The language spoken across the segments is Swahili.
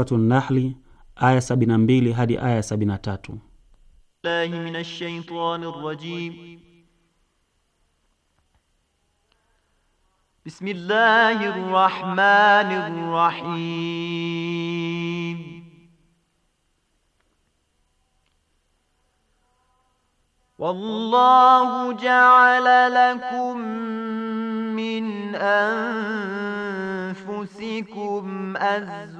Suratu Nahli aya 72 hadi aya 73. Billahi minash shaitanir rajim. Bismillahir rahmanir rahim. Wallahu ja'ala lakum min anfusikum azwajan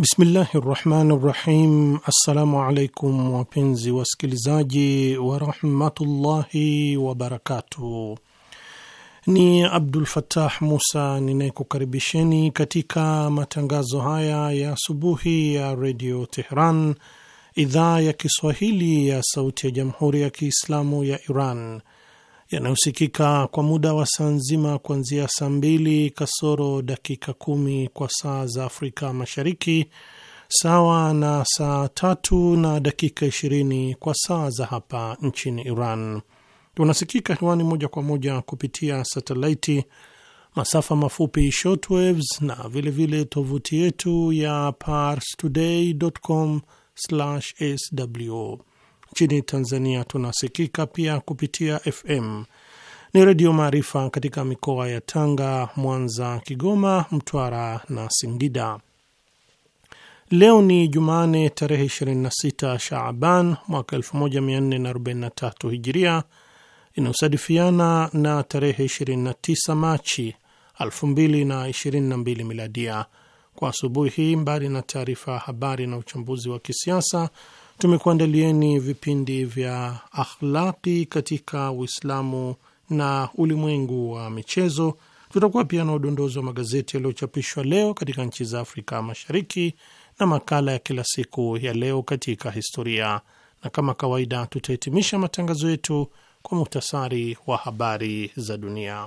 Bismillahi rahmani rahim. Assalamu alaikum wapenzi wasikilizaji warahmatullahi wabarakatuh. Ni Abdul fatah Musa ninayekukaribisheni katika matangazo haya ya asubuhi ya redio Tehran, idhaa ya Kiswahili ya sauti ya jamhuri ya Kiislamu ya Iran yanayosikika kwa muda wa saa nzima kuanzia saa mbili kasoro dakika kumi kwa saa za Afrika Mashariki, sawa na saa tatu na dakika ishirini kwa saa za hapa nchini Iran. Tunasikika hewani moja kwa moja kupitia satelaiti, masafa mafupi shortwaves na vilevile tovuti yetu ya parstoday.com/sw Nchini Tanzania tunasikika pia kupitia FM ni Redio Maarifa katika mikoa ya Tanga, Mwanza, Kigoma, Mtwara na Singida. Leo ni Jumane tarehe 26 Shaaban mwaka 1443 Hijiria, inayosadifiana na tarehe 29 Machi 2022 Miladia. Kwa asubuhi hii, mbali na taarifa ya habari na uchambuzi wa kisiasa tumekuandalieni vipindi vya akhlaqi katika Uislamu na ulimwengu wa michezo. Tutakuwa pia na udondozi wa magazeti yaliyochapishwa leo katika nchi za Afrika Mashariki na makala ya kila siku ya leo katika historia, na kama kawaida tutahitimisha matangazo yetu kwa muhtasari wa habari za dunia.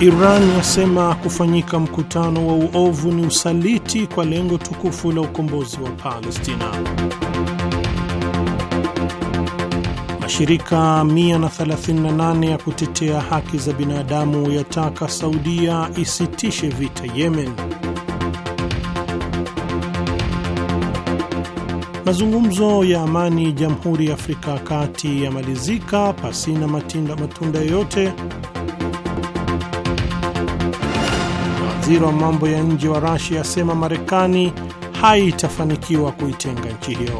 Iran yasema kufanyika mkutano wa uovu ni usaliti kwa lengo tukufu la ukombozi wa Palestina. Mashirika 138 ya kutetea haki za binadamu yataka Saudia isitishe vita Yemen. Mazungumzo ya amani Jamhuri ya Afrika ya Kati yamalizika pasina matunda yoyote Waziri wa mambo ya nje wa Rasia asema Marekani haitafanikiwa kuitenga nchi hiyo.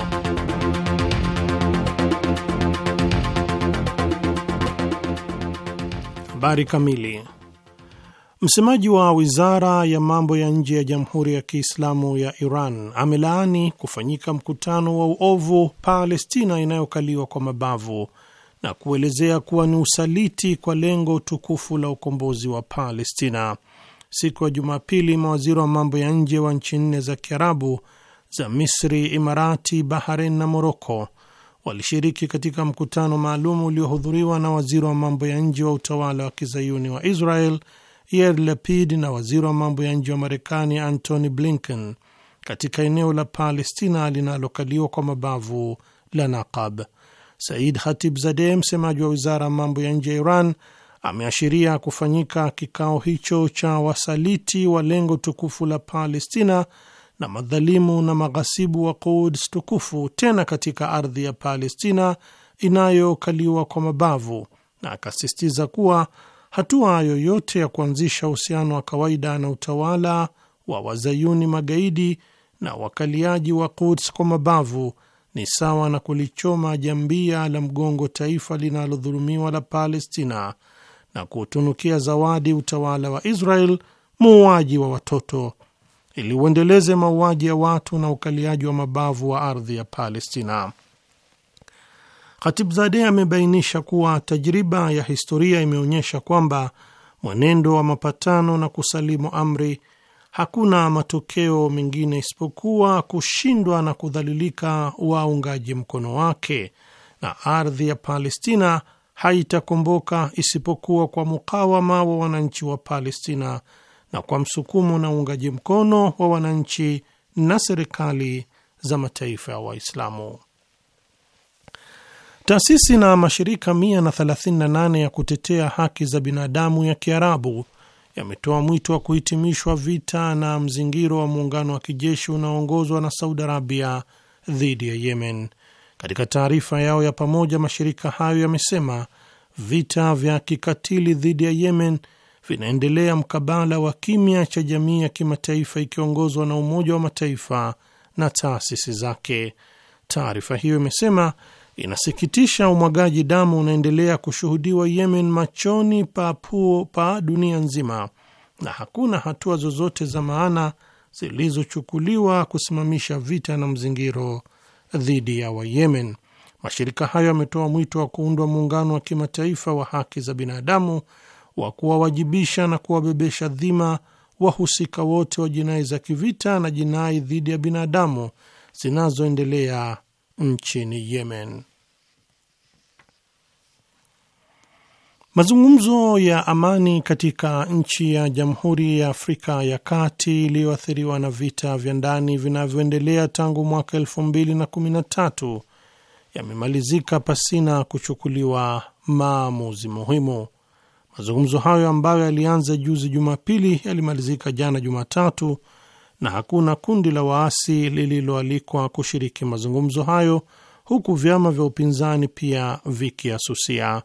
Habari kamili. Msemaji wa wizara ya mambo ya nje ya Jamhuri ya Kiislamu ya Iran amelaani kufanyika mkutano wa uovu Palestina inayokaliwa kwa mabavu na kuelezea kuwa ni usaliti kwa lengo tukufu la ukombozi wa Palestina siku ya Jumapili, mawaziri wa mambo ya nje wa nchi nne za Kiarabu za Misri, Imarati, Bahrain na Moroko walishiriki katika mkutano maalum uliohudhuriwa na waziri wa mambo ya nje wa utawala wa kizayuni wa Israel Yair Lapid na waziri wa mambo ya nje wa Marekani Antony Blinken katika eneo la Palestina linalokaliwa kwa mabavu la Naqab. Said hatib Zadeh, msemaji wa wizara ya mambo ya nje ya Iran, ameashiria kufanyika kikao hicho cha wasaliti wa lengo tukufu la Palestina na madhalimu na maghasibu wa Quds tukufu, tena katika ardhi ya Palestina inayokaliwa kwa mabavu, na akasisitiza kuwa hatua yoyote ya kuanzisha uhusiano wa kawaida na utawala wa wazayuni magaidi na wakaliaji wa Quds kwa mabavu ni sawa na kulichoma jambia la mgongo taifa linalodhulumiwa la Palestina na kuutunukia zawadi utawala wa Israel muuaji wa watoto ili uendeleze mauaji ya watu na ukaliaji wa mabavu wa ardhi ya Palestina. Khatibzadeh amebainisha kuwa tajriba ya historia imeonyesha kwamba mwenendo wa mapatano na kusalimu amri hakuna matokeo mengine isipokuwa kushindwa na kudhalilika waungaji mkono wake, na ardhi ya Palestina haitakomboka isipokuwa kwa mukawama wa wananchi wa Palestina na kwa msukumo na uungaji mkono wa wananchi na serikali za mataifa ya Waislamu. Taasisi na mashirika 138 ya kutetea haki za binadamu ya Kiarabu yametoa mwito wa kuhitimishwa vita na mzingiro wa muungano wa kijeshi unaoongozwa na Saudi Arabia dhidi ya Yemen. Katika taarifa yao ya pamoja, mashirika hayo yamesema vita vya kikatili dhidi ya Yemen vinaendelea mkabala wa kimya cha jamii ya kimataifa ikiongozwa na Umoja wa Mataifa na taasisi zake. Taarifa hiyo imesema inasikitisha umwagaji damu unaendelea kushuhudiwa Yemen machoni pa puo pa dunia nzima na hakuna hatua zozote za maana zilizochukuliwa kusimamisha vita na mzingiro dhidi ya Wayemen. Mashirika hayo yametoa mwito wa kuundwa muungano wa kimataifa wa haki za binadamu wa kuwawajibisha na kuwabebesha dhima wahusika wote wa jinai za kivita na jinai dhidi ya binadamu zinazoendelea nchini Yemen. Mazungumzo ya amani katika nchi ya Jamhuri ya Afrika ya Kati iliyoathiriwa na vita vya ndani vinavyoendelea tangu mwaka elfu mbili na kumi na tatu yamemalizika pasina kuchukuliwa maamuzi muhimu. Mazungumzo hayo ambayo yalianza juzi Jumapili yalimalizika jana Jumatatu, na hakuna kundi la waasi lililoalikwa kushiriki mazungumzo hayo, huku vyama vya upinzani pia vikiasusia.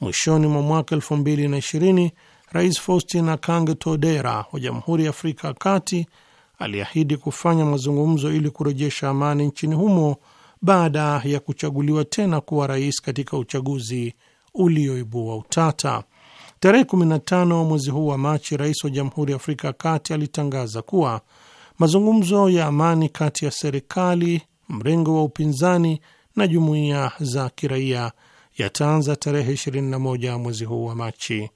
Mwishoni mwa mwaka ishirini, Rais Faustin Akange Todera wa Jamhuri ya Afrika ya Kati aliahidi kufanya mazungumzo ili kurejesha amani nchini humo baada ya kuchaguliwa tena kuwa rais katika uchaguzi ulioibua utata. Tarehe 15 mwezi huu wa Machi, rais wa Jamhuri ya Afrika ya Kati alitangaza kuwa mazungumzo ya amani kati ya serikali, mrengo wa upinzani na jumuiya za kiraia yataanza tarehe 21 mwezi huu wa Machi.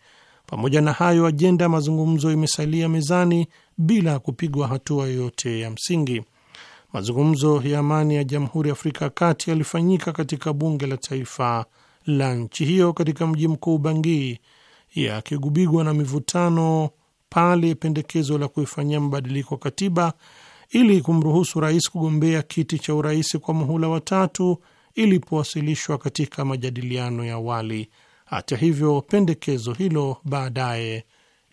Pamoja na hayo, ajenda ya mazungumzo imesalia mezani bila kupigwa hatua yoyote ya msingi. Mazungumzo ya amani ya Jamhuri ya Afrika ya Kati yalifanyika katika bunge la taifa la nchi hiyo katika mji mkuu Bangui, yakigubigwa na mivutano pale pendekezo la kuifanyia mabadiliko katiba ili kumruhusu rais kugombea kiti cha urais kwa muhula watatu ilipowasilishwa katika majadiliano ya awali. Hata hivyo, pendekezo hilo baadaye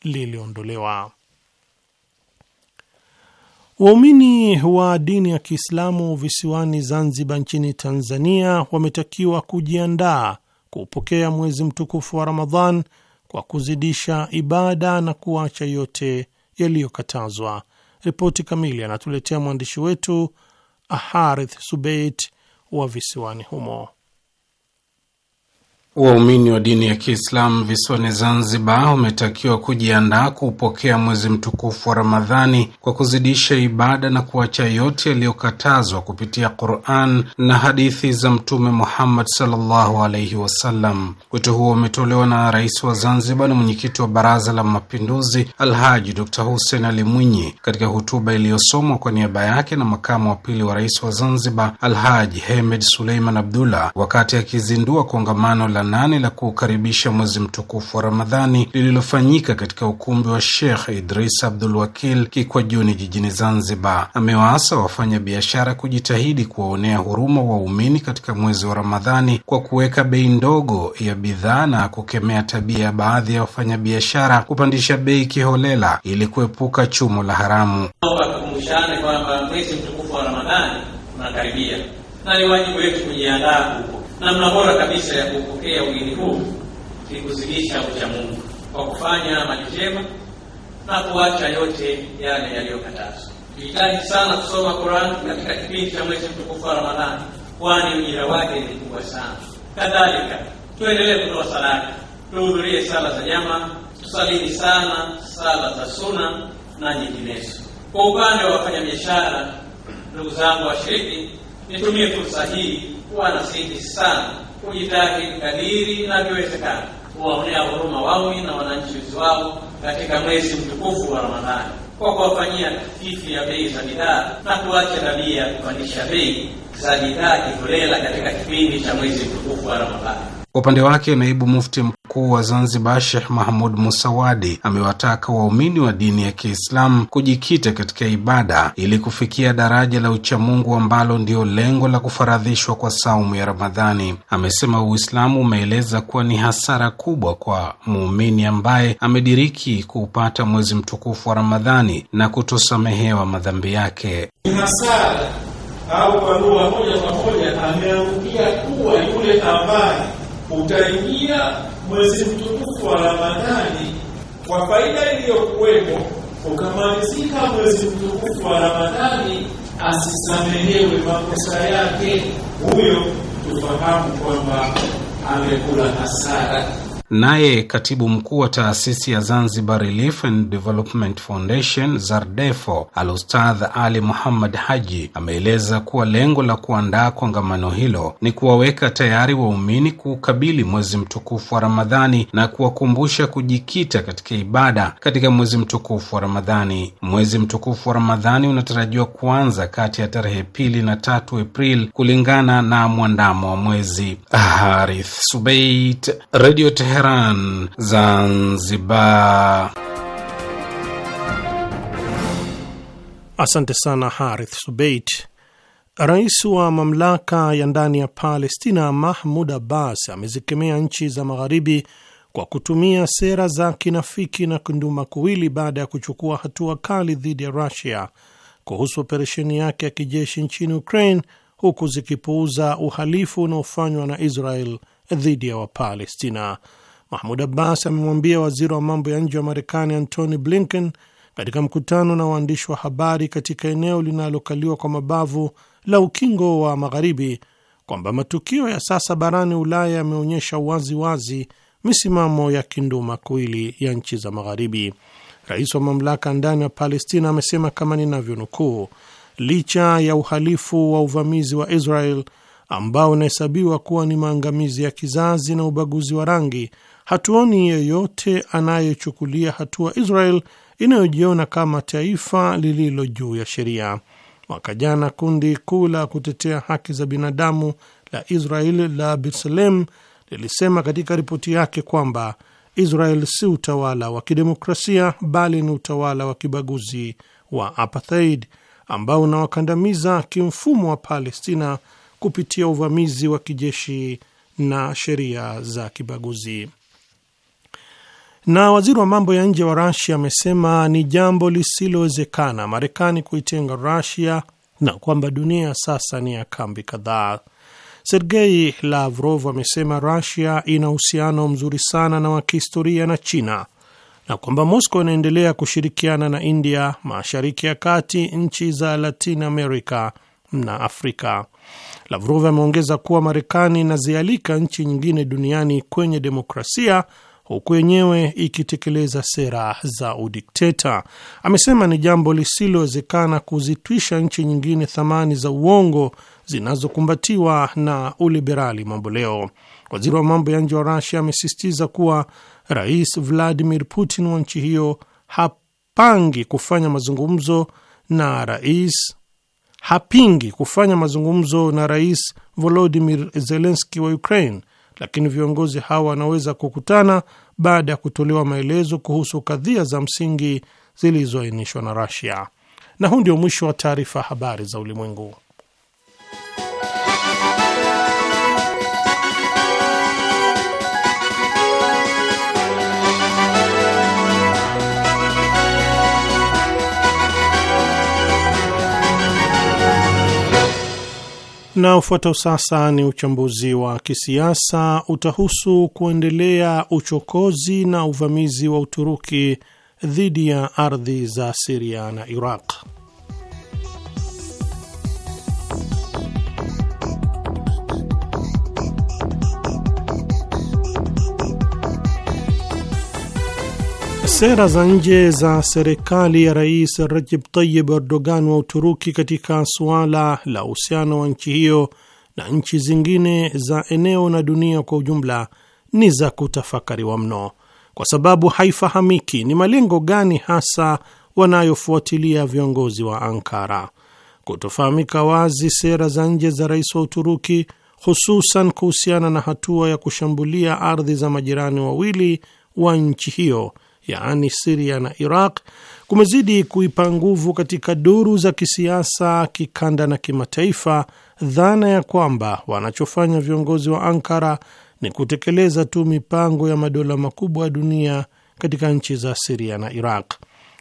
liliondolewa. Waumini wa dini ya Kiislamu visiwani Zanzibar nchini Tanzania wametakiwa kujiandaa kupokea mwezi mtukufu wa Ramadhan kwa kuzidisha ibada na kuacha yote yaliyokatazwa. Ripoti kamili anatuletea mwandishi wetu Aharith Subeit wa visiwani humo. Waumini wa dini ya Kiislamu visiwani Zanzibar umetakiwa kujiandaa kuupokea mwezi mtukufu wa Ramadhani kwa kuzidisha ibada na kuacha yote yaliyokatazwa kupitia Quran na hadithi za Mtume Muhammad sallallahu alaihi wasallam. Wito huo umetolewa na Rais wa Zanzibar na mwenyekiti wa Baraza la Mapinduzi Alhaji Dr Hussein Ali Mwinyi katika hotuba iliyosomwa kwa niaba yake na makamu wa pili wa rais wa Zanzibar Alhaji Hemed Suleiman Abdullah wakati akizindua kongamano la nane la kuukaribisha mwezi mtukufu wa Ramadhani lililofanyika katika ukumbi wa Sheikh Idris Abdul Wakil Kikwajuni jijini Zanzibar. Amewaasa wafanya biashara kujitahidi kuwaonea huruma waumini katika mwezi wa Ramadhani kwa kuweka bei ndogo ya bidhaa na kukemea tabia ya baadhi ya wafanyabiashara kupandisha bei kiholela ili kuepuka chumo la haramu. Tukumbushane kwamba mwezi mtukufu wa Ramadhani unakaribia na ni wajibu wetu kujiandaa Namna bora kabisa ya kupokea ugeni huu ni kuzidisha ucha Mungu kwa kufanya amali na kuacha yote yale yaliyokatazwa. Tunahitaji sana kusoma Qur'an katika kipindi cha mwezi mtukufu wa Ramadhani, kwani ujira wake ni mkubwa sana. Kadhalika tuendelee kutoa sadaka, tuhudhurie sala za nyama tusalini sana sala za suna na nyinginezo. Kwa upande wa wafanyabiashara, ndugu zangu washiriki, nitumie fursa hii kuwa nasihi sana kujitahidi kadiri inavyowezekana kuwaonea huruma waumi na wananchi wao katika mwezi mtukufu wa Ramadhani kwa kuwafanyia kififi ya bei za bidhaa na kuacha tabia ya kupandisha bei za bidhaa kiholela katika kipindi cha mwezi mtukufu wa Ramadhani. Kwa upande wake naibu mufti mkuu wa Zanzibar Sheikh Mahmud Musawadi amewataka waumini wa dini ya Kiislamu kujikita katika ibada ili kufikia daraja la uchamungu ambalo ndio lengo la kufaradhishwa kwa saumu ya Ramadhani. Amesema Uislamu umeeleza kuwa ni hasara kubwa kwa muumini ambaye amediriki kuupata mwezi mtukufu wa Ramadhani na kutosamehewa madhambi yake. Ni hasara au kwa lugha moja kwa moja ameangukia kuwa yule ambaye utaingia mwezi mtukufu wa Ramadhani kwa faida iliyokuwepo, ukamalizika mwezi mtukufu wa Ramadhani asisamehewe makosa yake, huyo tufahamu kwamba amekula hasara. Naye katibu mkuu wa taasisi ya Zanzibar Relief and Development Foundation ZARDEFO Alustadh Ali Muhammad Haji ameeleza kuwa lengo la kuandaa kongamano hilo ni kuwaweka tayari waumini kuukabili mwezi mtukufu wa Ramadhani na kuwakumbusha kujikita katika ibada katika mwezi mtukufu wa Ramadhani. Mwezi mtukufu wa Ramadhani unatarajiwa kuanza kati ya tarehe pili na tatu Aprili kulingana na mwandamo wa mwezi. Harith Subait, Radio Tehran. Teheran, Zanzibar. Asante sana Harith Subeit. Rais wa mamlaka ya ndani ya Palestina Mahmud Abbas amezikemea nchi za magharibi kwa kutumia sera za kinafiki na kuwili baada ya kuchukua hatua kali dhidi ya Rusia kuhusu operesheni yake ya kijeshi nchini Ukraine, huku zikipuuza uhalifu unaofanywa na Israel dhidi ya Wapalestina. Mahmud Abbas amemwambia waziri wa mambo ya nje wa Marekani Antony Blinken katika mkutano na waandishi wa habari katika eneo linalokaliwa kwa mabavu la Ukingo wa Magharibi kwamba matukio ya sasa barani Ulaya yameonyesha wazi wazi misimamo ya kinduma kuili ya nchi za Magharibi. Rais wa mamlaka ndani ya Palestina amesema kama ninavyonukuu, licha ya uhalifu wa uvamizi wa Israel ambao unahesabiwa kuwa ni maangamizi ya kizazi na ubaguzi wa rangi hatuoni yeyote anayechukulia hatua Israel inayojiona kama taifa lililo juu ya sheria. Mwaka jana kundi kuu la kutetea haki za binadamu la Israel la bersalem lilisema katika ripoti yake kwamba Israel si utawala wa kidemokrasia bali ni utawala wa kibaguzi wa apartheid ambao unawakandamiza kimfumo wa Palestina kupitia uvamizi wa kijeshi na sheria za kibaguzi. Na waziri wa mambo ya nje wa Rasia amesema ni jambo lisilowezekana Marekani kuitenga Rasia na kwamba dunia sasa ni ya kambi kadhaa. Sergei Lavrov amesema Rasia ina uhusiano mzuri sana na wa kihistoria na China na kwamba Moscow inaendelea kushirikiana na India, Mashariki ya Kati, nchi za Latin America na Afrika. Lavrov ameongeza kuwa Marekani inazialika nchi nyingine duniani kwenye demokrasia huku yenyewe ikitekeleza sera za udikteta. Amesema ni jambo lisilowezekana kuzitwisha nchi nyingine thamani za uongo zinazokumbatiwa na uliberali mambo leo. Waziri wa mambo ya nje wa rusia amesisitiza kuwa Rais Vladimir Putin wa nchi hiyo hapangi kufanya mazungumzo na rais hapingi kufanya mazungumzo na Rais Volodimir Zelenski wa Ukraine lakini viongozi hawa wanaweza kukutana baada ya kutolewa maelezo kuhusu kadhia za msingi zilizoainishwa na Russia. Na huu ndio mwisho wa taarifa habari za ulimwengu. Na ufuatao sasa ni uchambuzi wa kisiasa utahusu kuendelea uchokozi na uvamizi wa Uturuki dhidi ya ardhi za Siria na Iraq. Sera za nje za serikali ya Rais Recep Tayyip Erdogan wa Uturuki katika suala la uhusiano wa nchi hiyo na nchi zingine za eneo na dunia kwa ujumla ni za kutafakariwa mno, kwa sababu haifahamiki ni malengo gani hasa wanayofuatilia viongozi wa Ankara. Kutofahamika wazi sera za nje za rais wa Uturuki, hususan kuhusiana na hatua ya kushambulia ardhi za majirani wawili wa nchi hiyo yaani Siria na Iraq kumezidi kuipa nguvu katika duru za kisiasa, kikanda na kimataifa dhana ya kwamba wanachofanya viongozi wa Ankara ni kutekeleza tu mipango ya madola makubwa ya dunia katika nchi za Siria na Iraq.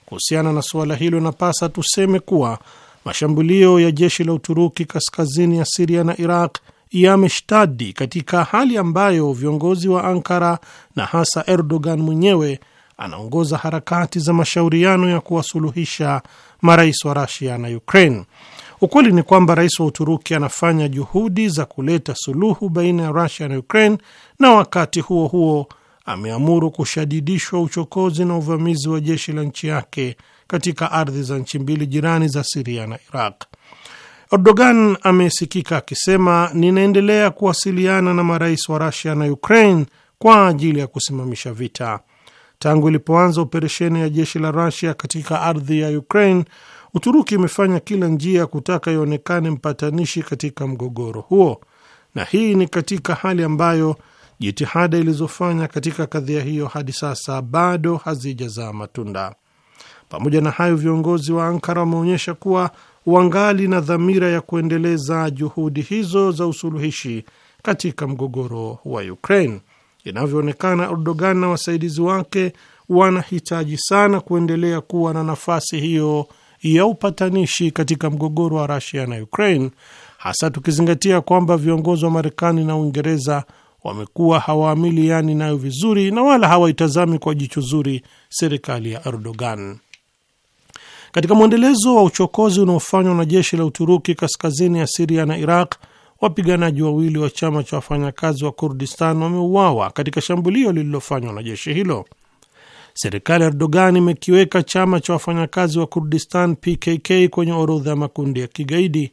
Kuhusiana na suala hilo, napasa tuseme kuwa mashambulio ya jeshi la Uturuki kaskazini ya Siria na Iraq yameshtadi katika hali ambayo viongozi wa Ankara na hasa Erdogan mwenyewe anaongoza harakati za mashauriano ya kuwasuluhisha marais wa Rasia na Ukraine. Ukweli ni kwamba rais wa Uturuki anafanya juhudi za kuleta suluhu baina ya Rusia na Ukraine, na wakati huo huo ameamuru kushadidishwa uchokozi na uvamizi wa jeshi la nchi yake katika ardhi za nchi mbili jirani za Siria na Iraq. Erdogan amesikika akisema, ninaendelea kuwasiliana na marais wa Rusia na Ukraine kwa ajili ya kusimamisha vita. Tangu ilipoanza operesheni ya jeshi la Rusia katika ardhi ya Ukraine, Uturuki imefanya kila njia ya kutaka ionekane mpatanishi katika mgogoro huo, na hii ni katika hali ambayo jitihada ilizofanya katika kadhia hiyo hadi sasa bado hazijazaa matunda. Pamoja na hayo, viongozi wa Ankara wameonyesha kuwa wangali na dhamira ya kuendeleza juhudi hizo za usuluhishi katika mgogoro wa Ukraine. Inavyoonekana, Erdogan na wasaidizi wake wanahitaji sana kuendelea kuwa na nafasi hiyo ya upatanishi katika mgogoro wa Rusia na Ukraine, hasa tukizingatia kwamba viongozi wa Marekani na Uingereza wamekuwa hawaamiliani nayo vizuri na wala hawaitazami kwa jicho zuri serikali ya Erdogan. Katika mwendelezo wa uchokozi unaofanywa na jeshi la Uturuki kaskazini ya Siria na Iraq, wapiganaji wawili wa chama cha wafanyakazi wa Kurdistan wameuawa katika shambulio lililofanywa na jeshi hilo. Serikali ya Erdogan imekiweka chama cha wafanyakazi wa Kurdistan PKK kwenye orodha ya makundi ya kigaidi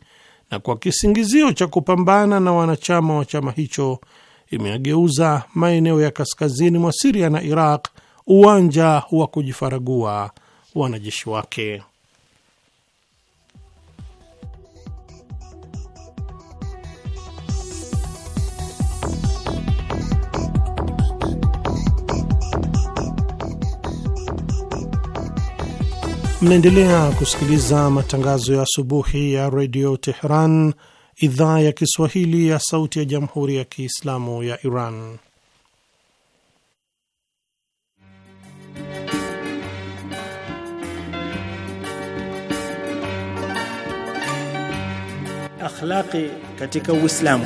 na kwa kisingizio cha kupambana na wanachama wa chama hicho imeageuza maeneo ya kaskazini mwa Siria na Iraq uwanja wa kujifaragua wanajeshi wake. Mnaendelea kusikiliza matangazo ya asubuhi ya redio Teheran, idhaa ya Kiswahili ya sauti ya jamhuri ya Kiislamu ya Iran. Akhlaqi katika Uislamu.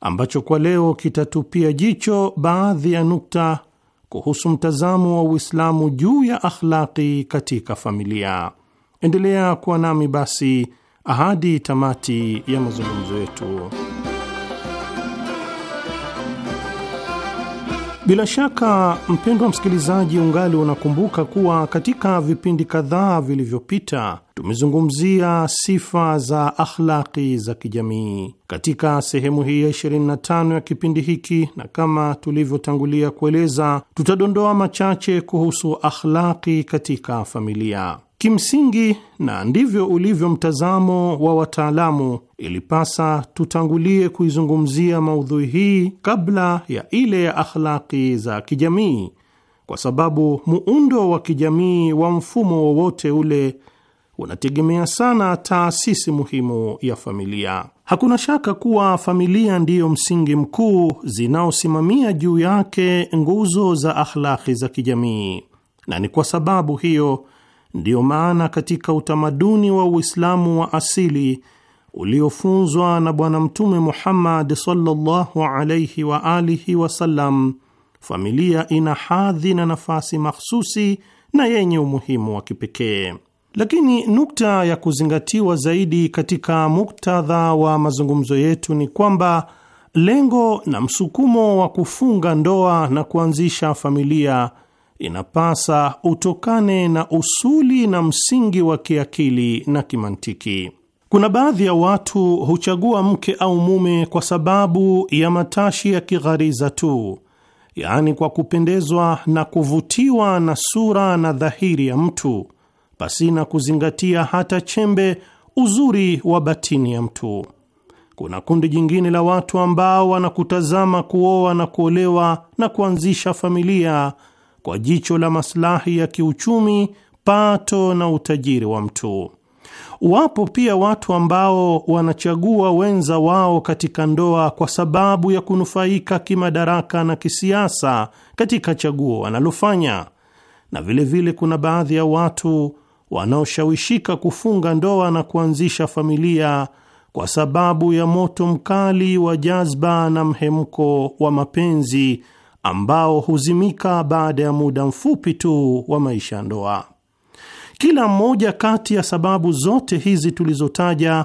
ambacho kwa leo kitatupia jicho baadhi ya nukta kuhusu mtazamo wa Uislamu juu ya akhlaki katika familia. Endelea kuwa nami basi ahadi tamati ya mazungumzo yetu. Bila shaka mpendwa msikilizaji, ungali unakumbuka kuwa katika vipindi kadhaa vilivyopita tumezungumzia sifa za akhlaki za kijamii. Katika sehemu hii ya 25 ya kipindi hiki, na kama tulivyotangulia kueleza, tutadondoa machache kuhusu akhlaqi katika familia. Kimsingi, na ndivyo ulivyo mtazamo wa wataalamu, ilipasa tutangulie kuizungumzia maudhui hii kabla ya ile ya akhlaki za kijamii, kwa sababu muundo wa kijamii wa mfumo wowote ule unategemea sana taasisi muhimu ya familia. Hakuna shaka kuwa familia ndiyo msingi mkuu zinaosimamia juu yake nguzo za akhlaki za kijamii, na ni kwa sababu hiyo Ndiyo maana katika utamaduni wa Uislamu wa asili uliofunzwa na Bwana Mtume Muhammad sallallahu alayhi wa alihi wasallam, familia ina hadhi na nafasi mahsusi na yenye umuhimu wa kipekee. Lakini nukta ya kuzingatiwa zaidi katika muktadha wa mazungumzo yetu ni kwamba lengo na msukumo wa kufunga ndoa na kuanzisha familia inapasa utokane na usuli na msingi wa kiakili na kimantiki. Kuna baadhi ya watu huchagua mke au mume kwa sababu ya matashi ya kighariza tu, yaani kwa kupendezwa na kuvutiwa na sura na dhahiri ya mtu, pasina kuzingatia hata chembe uzuri wa batini ya mtu. Kuna kundi jingine la watu ambao wanakutazama kuoa na kuolewa na kuanzisha familia kwa jicho la maslahi ya kiuchumi, pato na utajiri wa mtu. Wapo pia watu ambao wanachagua wenza wao katika ndoa kwa sababu ya kunufaika kimadaraka na kisiasa katika chaguo wanalofanya, na vilevile vile kuna baadhi ya watu wanaoshawishika kufunga ndoa na kuanzisha familia kwa sababu ya moto mkali wa jazba na mhemko wa mapenzi ambao huzimika baada ya muda mfupi tu wa maisha ya ndoa. Kila mmoja kati ya sababu zote hizi tulizotaja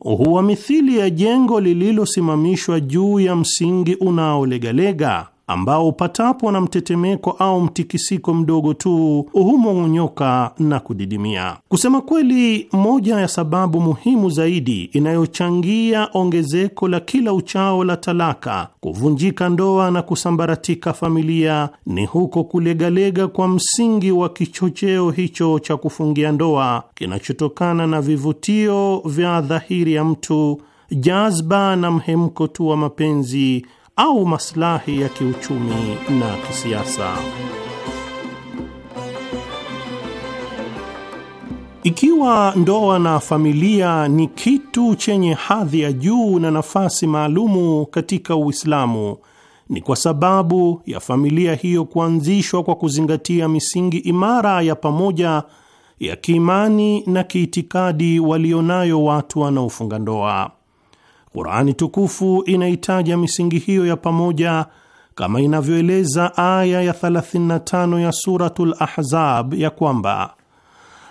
huwa mithili ya jengo lililosimamishwa juu ya msingi unaolegalega ambao patapo na mtetemeko au mtikisiko mdogo tu humong'onyoka na kudidimia. Kusema kweli, moja ya sababu muhimu zaidi inayochangia ongezeko la kila uchao la talaka, kuvunjika ndoa na kusambaratika familia ni huko kulegalega kwa msingi wa kichocheo hicho cha kufungia ndoa kinachotokana na vivutio vya dhahiri ya mtu, jazba na mhemko tu wa mapenzi au maslahi ya kiuchumi na kisiasa. Ikiwa ndoa na familia ni kitu chenye hadhi ya juu na nafasi maalumu katika Uislamu, ni kwa sababu ya familia hiyo kuanzishwa kwa kuzingatia misingi imara ya pamoja ya kiimani na kiitikadi walionayo watu wanaofunga ndoa. Qurani tukufu inaitaja misingi hiyo ya pamoja kama inavyoeleza aya ya 35 ya Suratul Ahzab ya kwamba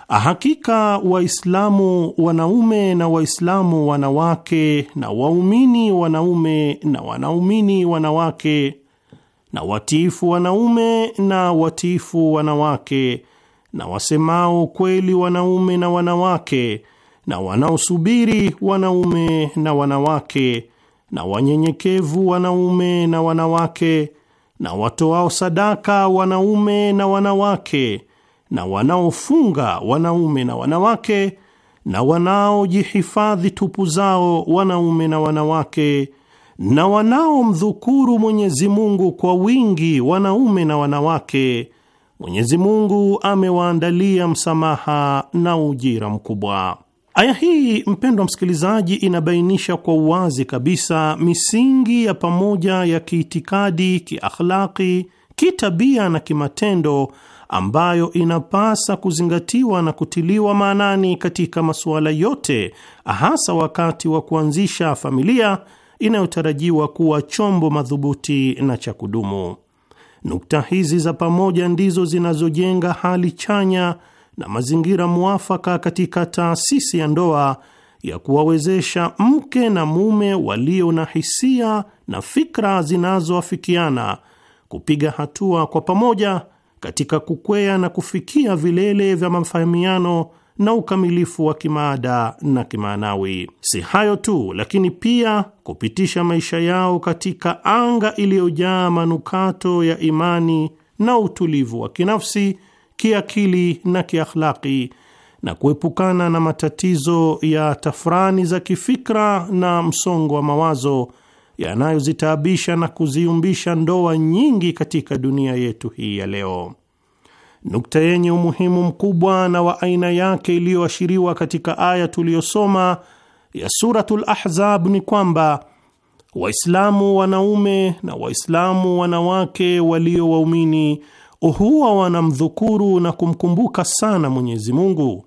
hakika Waislamu wanaume na Waislamu wanawake na waumini wanaume na wanaumini wanawake na watiifu wanaume na watiifu wanawake na wasemao kweli wanaume na wanawake na wanaosubiri wanaume na wanawake na wanyenyekevu wanaume na wanawake na watoao sadaka wanaume na wanawake na wanaofunga wanaume na wanawake na wanaojihifadhi tupu zao wanaume na wanawake na wanaomdhukuru Mwenyezi Mungu kwa wingi wanaume na wanawake, Mwenyezi Mungu amewaandalia msamaha na ujira mkubwa. Aya hii mpendwa msikilizaji, inabainisha kwa uwazi kabisa misingi ya pamoja ya kiitikadi, kiakhlaki, kitabia na kimatendo ambayo inapasa kuzingatiwa na kutiliwa maanani katika masuala yote, hasa wakati wa kuanzisha familia inayotarajiwa kuwa chombo madhubuti na cha kudumu. Nukta hizi za pamoja ndizo zinazojenga hali chanya na mazingira muafaka katika taasisi ya ndoa ya kuwawezesha mke na mume walio na hisia na fikra zinazoafikiana kupiga hatua kwa pamoja katika kukwea na kufikia vilele vya mafahamiano na ukamilifu wa kimaada na kimaanawi. Si hayo tu, lakini pia kupitisha maisha yao katika anga iliyojaa manukato ya imani na utulivu wa kinafsi kiakili na kiakhlaki na kuepukana na matatizo ya tafrani za kifikra na msongo wa mawazo yanayozitaabisha na kuziumbisha ndoa nyingi katika dunia yetu hii ya leo. Nukta yenye umuhimu mkubwa na wa aina yake iliyoashiriwa katika aya tuliyosoma ya Suratul Ahzab ni kwamba Waislamu wanaume na Waislamu wanawake walio waumini huwa wanamdhukuru na kumkumbuka sana Mwenyezi Mungu,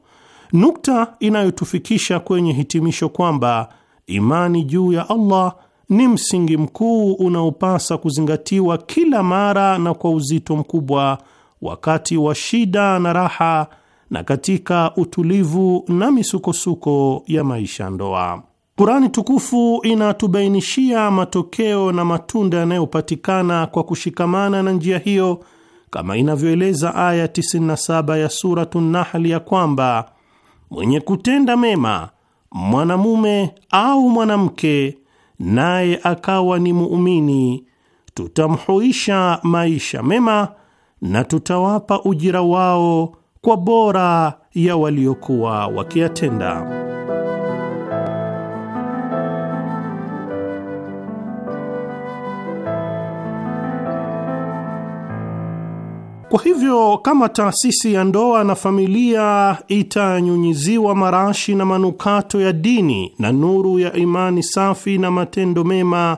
nukta inayotufikisha kwenye hitimisho kwamba imani juu ya Allah ni msingi mkuu unaopasa kuzingatiwa kila mara na kwa uzito mkubwa, wakati wa shida na raha, na katika utulivu na misukosuko ya maisha ndoa. Kurani tukufu inatubainishia matokeo na matunda yanayopatikana kwa kushikamana na njia hiyo kama inavyoeleza aya 97 ya Suratu Nahli ya kwamba mwenye kutenda mema mwanamume au mwanamke, naye akawa ni muumini, tutamhuisha maisha mema na tutawapa ujira wao kwa bora ya waliokuwa wakiyatenda. Kwa hivyo kama taasisi ya ndoa na familia itanyunyiziwa marashi na manukato ya dini na nuru ya imani safi na matendo mema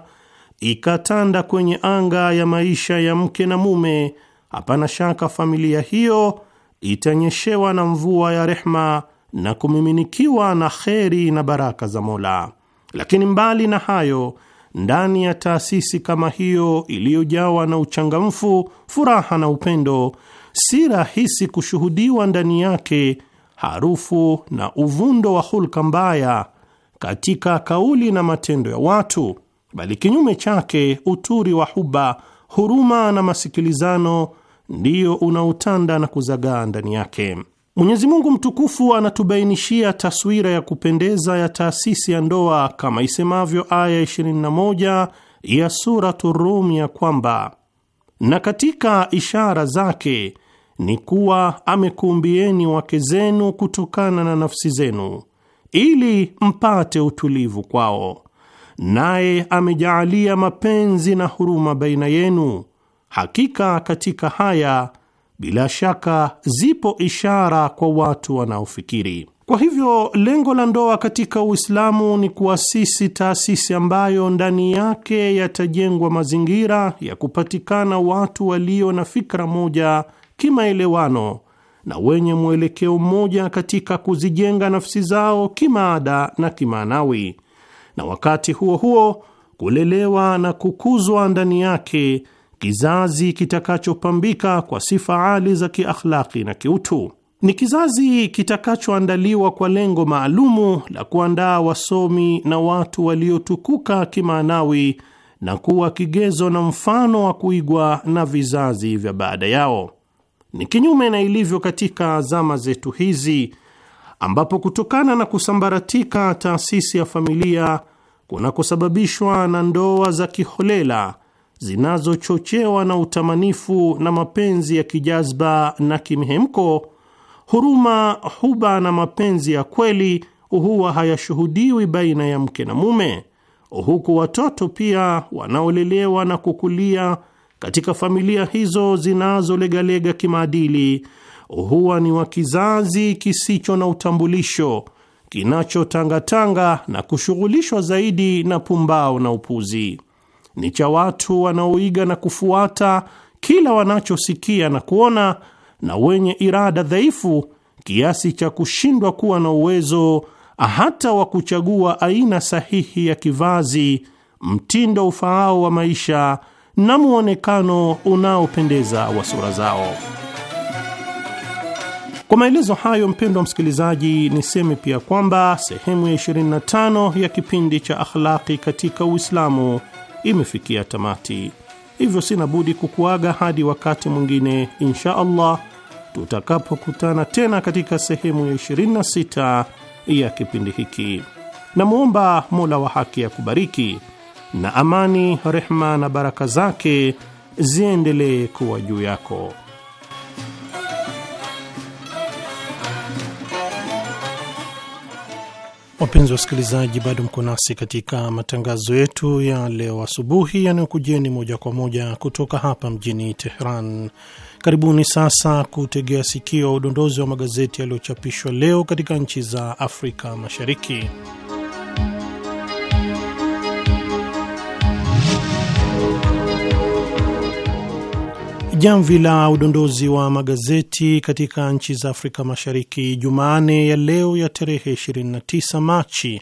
ikatanda kwenye anga ya maisha ya mke na mume, hapana shaka familia hiyo itanyeshewa na mvua ya rehma na kumiminikiwa na kheri na baraka za Mola. Lakini mbali na hayo ndani ya taasisi kama hiyo iliyojawa na uchangamfu, furaha na upendo, si rahisi kushuhudiwa ndani yake harufu na uvundo wa hulka mbaya katika kauli na matendo ya watu, bali kinyume chake uturi wa huba, huruma na masikilizano ndiyo unaotanda na kuzagaa ndani yake. Mwenyezi Mungu mtukufu anatubainishia taswira ya kupendeza ya taasisi ya ndoa kama isemavyo aya 21 ya suratu Rum ya kwamba, na katika ishara zake ni kuwa amekuumbieni wake zenu kutokana na nafsi zenu ili mpate utulivu kwao, naye amejaalia mapenzi na huruma baina yenu. Hakika katika haya bila shaka zipo ishara kwa watu wanaofikiri. Kwa hivyo lengo la ndoa katika Uislamu ni kuasisi taasisi ambayo ndani yake yatajengwa mazingira ya kupatikana watu walio na fikra moja kimaelewano na wenye mwelekeo mmoja katika kuzijenga nafsi zao kimaada na kimaanawi, na wakati huo huo kulelewa na kukuzwa ndani yake kizazi kitakachopambika kwa sifa ali za kiakhlaki na kiutu. Ni kizazi kitakachoandaliwa kwa lengo maalumu la kuandaa wasomi na watu waliotukuka kimaanawi na kuwa kigezo na mfano wa kuigwa na vizazi vya baada yao. Ni kinyume na ilivyo katika zama zetu hizi ambapo kutokana na kusambaratika taasisi ya familia kunakosababishwa na ndoa za kiholela zinazochochewa na utamanifu na mapenzi ya kijazba na kimhemko, huruma, huba na mapenzi ya kweli huwa hayashuhudiwi baina ya mke na mume, huku watoto pia wanaolelewa na kukulia katika familia hizo zinazolegalega kimaadili huwa ni wa kizazi kisicho na utambulisho, kinachotangatanga na kushughulishwa zaidi na pumbao na upuzi ni cha watu wanaoiga na kufuata kila wanachosikia na kuona, na wenye irada dhaifu kiasi cha kushindwa kuwa na uwezo hata wa kuchagua aina sahihi ya kivazi, mtindo ufaao wa maisha na muonekano unaopendeza wa sura zao. Kwa maelezo hayo, mpendwa msikilizaji, niseme pia kwamba sehemu ya 25 ya kipindi cha Akhlaqi katika Uislamu imefikia tamati, hivyo sina budi kukuaga hadi wakati mwingine insha Allah tutakapokutana tena katika sehemu ya 26 ya kipindi hiki. Namwomba Mola wa haki ya kubariki na amani, rehma na baraka zake ziendelee kuwa juu yako. Wapenzi wasikilizaji, bado mko nasi katika matangazo yetu ya leo asubuhi yanayokujieni moja kwa moja kutoka hapa mjini Teheran. Karibuni sasa kutegea sikio udondozi wa magazeti yaliyochapishwa leo katika nchi za Afrika Mashariki. jamvi la udondozi wa magazeti katika nchi za Afrika Mashariki Jumanne ya leo ya tarehe 29 Machi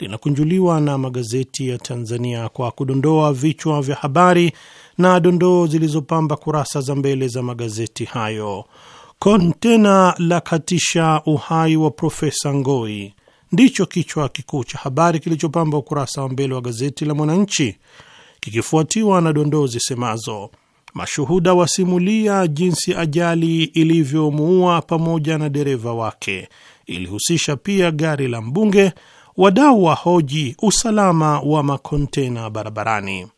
linakunjuliwa na magazeti ya Tanzania kwa kudondoa vichwa vya habari na dondoo zilizopamba kurasa za mbele za magazeti hayo. Kontena la katisha uhai wa Profesa Ngoi ndicho kichwa kikuu cha habari kilichopamba ukurasa wa mbele wa gazeti la Mwananchi, kikifuatiwa na dondoo zisemazo Mashuhuda wasimulia jinsi ajali ilivyomuua pamoja na dereva wake. Ilihusisha pia gari la mbunge. Wadau wa hoji usalama wa makontena barabarani.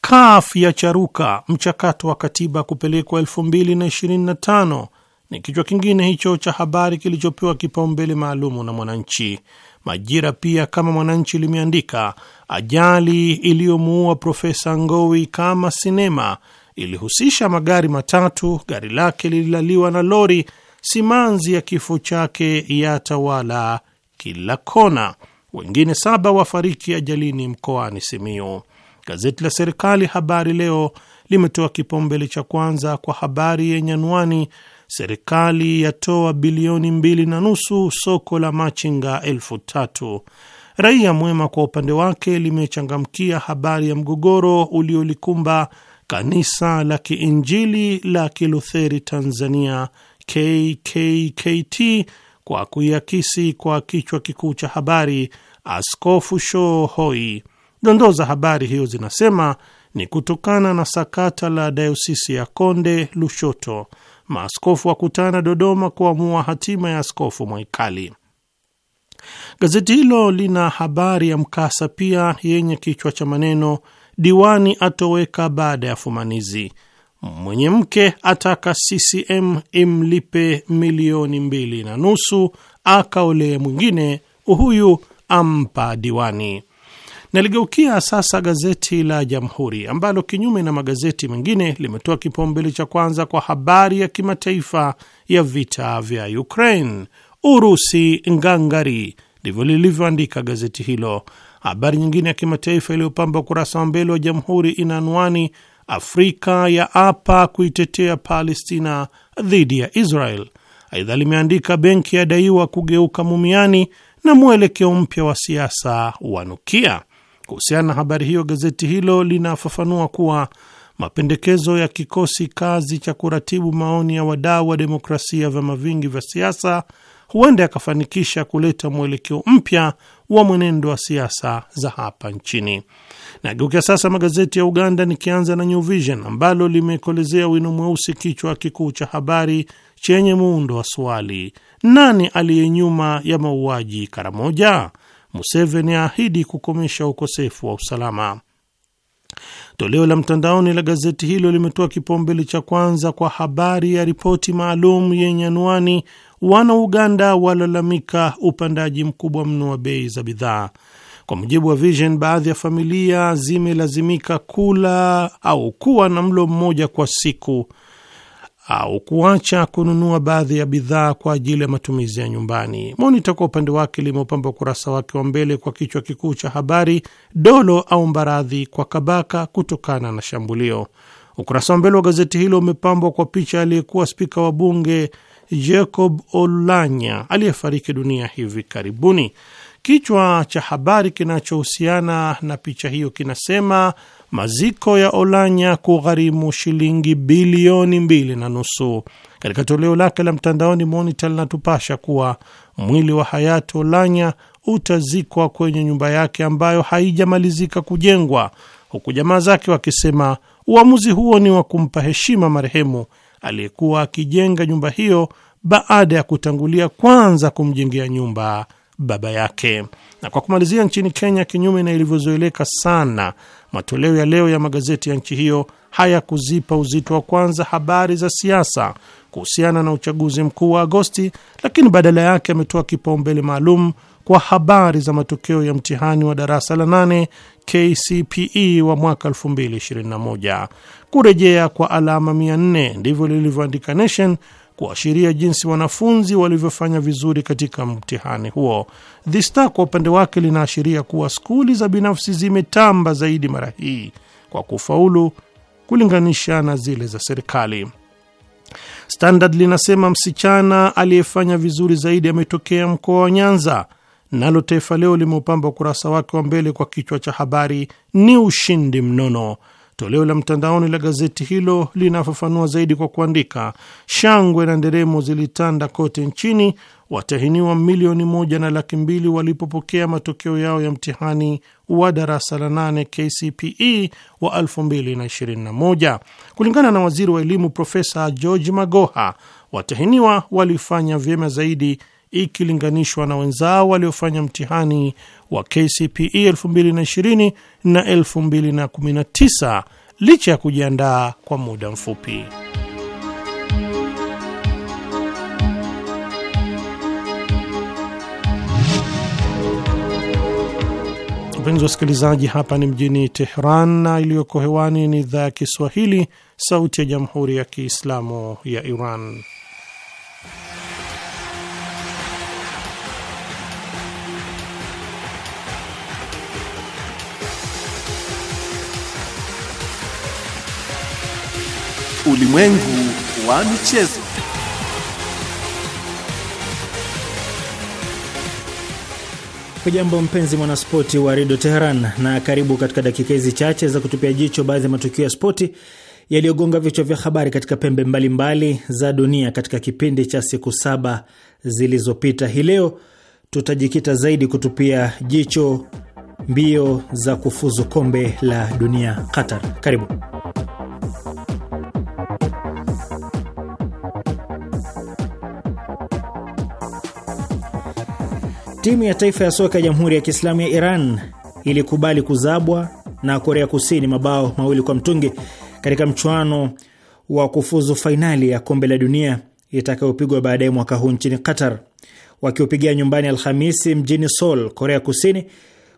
Kaf ya charuka mchakato wa katiba kupelekwa 2025 ni kichwa kingine hicho cha habari kilichopewa kipaumbele maalumu na Mwananchi. Majira pia kama Mwananchi limeandika ajali iliyomuua Profesa Ngowi kama sinema ilihusisha magari matatu, gari lake lililaliwa na lori. Simanzi ya kifo chake yatawala kila kona. Wengine saba wafariki ajalini mkoani Simiyu. Gazeti la serikali Habari Leo limetoa kipaumbele cha kwanza kwa habari yenye anwani serikali yatoa bilioni mbili na nusu soko la machinga elfu tatu. Raia Mwema kwa upande wake limechangamkia habari ya mgogoro uliolikumba kanisa la kiinjili la kilutheri Tanzania KKKT kwa kuiakisi kwa kichwa kikuu cha habari Askofu Shoo hoi. Dondoo za habari hiyo zinasema ni kutokana na sakata la dayosisi ya Konde Lushoto maaskofu wakutana Dodoma kuamua hatima ya askofu Mwaikali. Gazeti hilo lina habari ya mkasa pia yenye kichwa cha maneno diwani atoweka baada ya fumanizi, mwenye mke ataka CCM imlipe milioni mbili na nusu akaolee mwingine, huyu ampa diwani. Naligeukia sasa gazeti la Jamhuri ambalo kinyume na magazeti mengine limetoa kipaumbele cha kwanza kwa habari ya kimataifa ya vita vya Ukraine. Urusi ngangari, ndivyo lilivyoandika gazeti hilo. Habari nyingine ya kimataifa iliyopamba ukurasa wa mbele wa Jamhuri ina anwani Afrika ya apa kuitetea Palestina dhidi ya Israel. Aidha limeandika benki yadaiwa kugeuka mumiani na mwelekeo mpya wa siasa wanukia. Kuhusiana na habari hiyo, gazeti hilo linafafanua kuwa mapendekezo ya kikosi kazi cha kuratibu maoni ya wadau wa demokrasia, vyama vingi vya siasa, huenda yakafanikisha kuleta mwelekeo mpya wa mwenendo wa siasa za hapa nchini. Nageukia sasa magazeti ya Uganda, nikianza na New Vision ambalo limekolezea wino mweusi kichwa kikuu cha habari chenye muundo wa swali, nani aliye nyuma ya mauaji Karamoja? Museveni aahidi kukomesha ukosefu wa usalama. Toleo la mtandaoni la gazeti hilo limetoa kipaumbele cha kwanza kwa habari ya ripoti maalum yenye anwani wana Uganda walalamika upandaji mkubwa mno wa bei za bidhaa. Kwa mujibu wa Vision, baadhi ya familia zimelazimika kula au kuwa na mlo mmoja kwa siku au kuacha kununua baadhi ya bidhaa kwa ajili ya matumizi ya nyumbani. Monita kwa upande wake limeupamba ukurasa wake wa mbele kwa kichwa kikuu cha habari, dolo au mbaradhi kwa Kabaka kutokana na shambulio. Ukurasa wa mbele wa gazeti hilo umepambwa kwa picha aliyekuwa spika wa bunge Jacob Olanya aliyefariki dunia hivi karibuni. Kichwa cha habari kinachohusiana na picha hiyo kinasema maziko ya Olanya kugharimu shilingi bilioni mbili na nusu. Katika toleo lake la mtandaoni, Monitor linatupasha kuwa mwili wa hayati Olanya utazikwa kwenye nyumba yake ambayo haijamalizika kujengwa, huku jamaa zake wakisema uamuzi huo ni wa kumpa heshima marehemu aliyekuwa akijenga nyumba hiyo baada ya kutangulia kwanza kumjengea nyumba baba yake. Na kwa kumalizia, nchini Kenya, kinyume na ilivyozoeleka sana matoleo ya leo ya magazeti ya nchi hiyo hayakuzipa uzito wa kwanza habari za siasa kuhusiana na uchaguzi mkuu wa Agosti, lakini badala yake ametoa kipaumbele maalum kwa habari za matokeo ya mtihani wa darasa la nane KCPE wa mwaka 2021. Kurejea kwa alama 400 ndivyo lilivyoandika Nation kuashiria jinsi wanafunzi walivyofanya vizuri katika mtihani huo. The Star kwa upande wake linaashiria kuwa skuli za binafsi zimetamba zaidi mara hii kwa kufaulu kulinganisha na zile za serikali. Standard linasema msichana aliyefanya vizuri zaidi ametokea mkoa wa Nyanza. Nalo Taifa Leo limeupamba ukurasa wake wa mbele kwa kichwa cha habari ni ushindi mnono. Toleo la mtandaoni la gazeti hilo linafafanua zaidi kwa kuandika, shangwe na nderemo zilitanda kote nchini watahiniwa milioni moja na laki mbili walipopokea matokeo yao ya mtihani wa darasa la nane KCPE wa 2021. Kulingana na waziri wa elimu Profesa George Magoha, watahiniwa walifanya vyema zaidi ikilinganishwa na wenzao waliofanya mtihani wa KCPE 2020 na 2019 licha ya kujiandaa kwa muda mfupi. Mpenzi wasikilizaji, hapa ni mjini Tehran na iliyoko hewani ni idhaa ya Kiswahili, sauti ya jamhuri ya kiislamu ya Iran. Ulimwengu wa michezo. Hujambo mpenzi mwanaspoti wa redio Teheran na karibu katika dakika hizi chache za kutupia jicho baadhi ya matukio ya spoti yaliyogonga vichwa vya habari katika pembe mbalimbali mbali za dunia katika kipindi cha siku saba zilizopita. Hii leo tutajikita zaidi kutupia jicho mbio za kufuzu kombe la dunia Qatar. Karibu. Timu ya taifa ya soka ya Jamhuri ya Kiislamu ya Iran ilikubali kuzabwa na Korea Kusini mabao mawili kwa mtungi katika mchuano wa kufuzu fainali ya kombe la dunia itakayopigwa baadaye mwaka huu nchini Qatar. Wakiupigia nyumbani Alhamisi mjini Seoul, Korea Kusini